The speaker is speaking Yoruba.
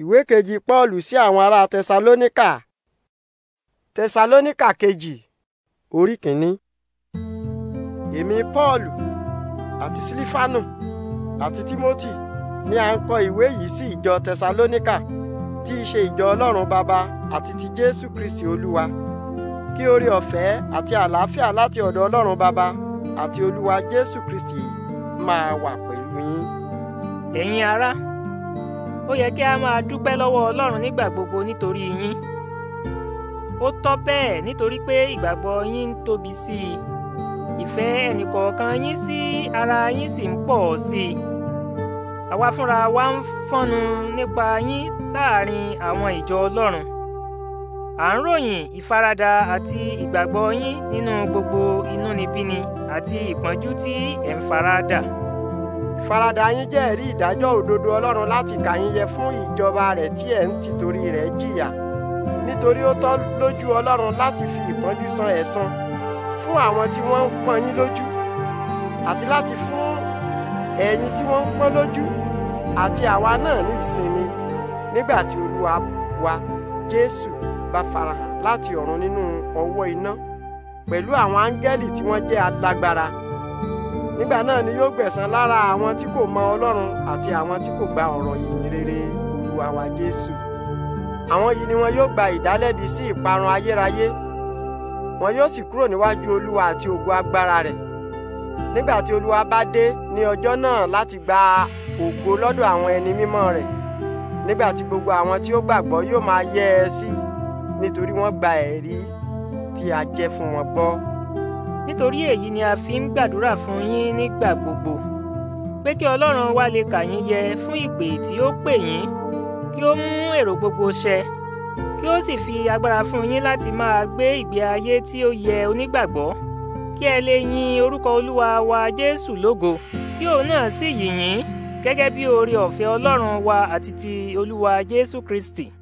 ìwé kejì paul sí àwọn ará Tesalonica tẹsalóníkà kejì orí kìíní èmi paul àti silifanu àti timothy ni à ń kọ ìwé yìí sí ìjọ tẹsalóníkà tí í ṣe ìjọ ọlọ́run baba àti ti jésù kristi olúwa kí oore ọ̀fẹ́ àti àlàáfíà láti ọ̀dọ̀ ọlọ́run baba àti olúwa jésù kristi máa wà pẹ̀lú yín. ẹ̀yin ará ó yẹ kí a máa dúpẹ́ lọ́wọ́ Ọlọ́run nígbà gbogbo nítorí yín ó tọ́ bẹ́ẹ̀ nítorí pé ìgbàgbọ́ yín ń tóbi sí i ìfẹ́ ẹnìkọ̀ọ̀kan yín sí ara yín sì ń pọ̀ sí i àwa fúnra wa ń fọ́nu nípa yín láàrin àwọn ìjọ Ọlọ́run à ń ròyìn ìfaradà àti ìgbàgbọ́ yín nínú gbogbo inúnibíni àti ìpọ́njú tí ẹ̀ ń faradà faradà yín jẹ́ ẹ̀rí ìdájọ́ òdodo ọlọ́run láti kà yín yẹ fún ìjọba rẹ̀ tí ẹ̀ ń tìtorí rẹ̀ jìyà nítorí ó tọ́ lójú ọlọ́run láti fi ìpọ́njú san ẹ̀san fún àwọn tí wọ́n ń pọ́n yín lójú àti láti fún ẹ̀yin tí wọ́n ń pọ́n lójú àti àwa náà ní ìsinmi nígbà tí olúwa wa jésù bá farahàn láti ọ̀run nínú ọwọ́ iná pẹ̀lú àwọn áńgẹ́lì tí wọ́n jẹ́ alágbára nígbà náà ni yóò gbẹ̀san lára àwọn tí kò mọ ọlọ́run àti àwọn tí kò gba ọ̀rọ̀ ìyìn rere olúwa wa jésù àwọn yìí ni wọn yóò gba ìdálẹ́bi sí ìparun ayérayé wọn yóò sì kúrò níwájú olúwa àti ògo agbára rẹ̀ nígbà tí olúwa bá dé ní ọjọ́ náà láti gba ògo lọ́dọ̀ àwọn ẹni mímọ́ rẹ̀ nígbà tí gbogbo àwọn tí ó gbàgbọ́ yóò máa yẹ́ ẹ sí nítorí wọ́n gba ẹ̀rí tí a jẹ́ fún wọn gbọ́ nítorí èyí ni a fi ń gbàdúrà fún yín nígbà gbogbo pé kí ọlọ́run wa lè kà yín yẹ fún ìpè tí ó pè yín kí ó mú èrò gbogbo ṣẹ kí ó sì fi agbára fún yín láti máa gbé ìgbé ayé tí ó yẹ onígbàgbọ́ kí ẹ lè yin orúkọ olúwa wa jésù lógo kí òun náà sì yìn yín gẹ́gẹ́ bí oore ọ̀fẹ́ ọlọ́run wa àti ti olúwa jésù kristi.